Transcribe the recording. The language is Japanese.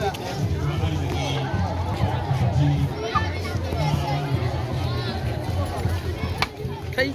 はい。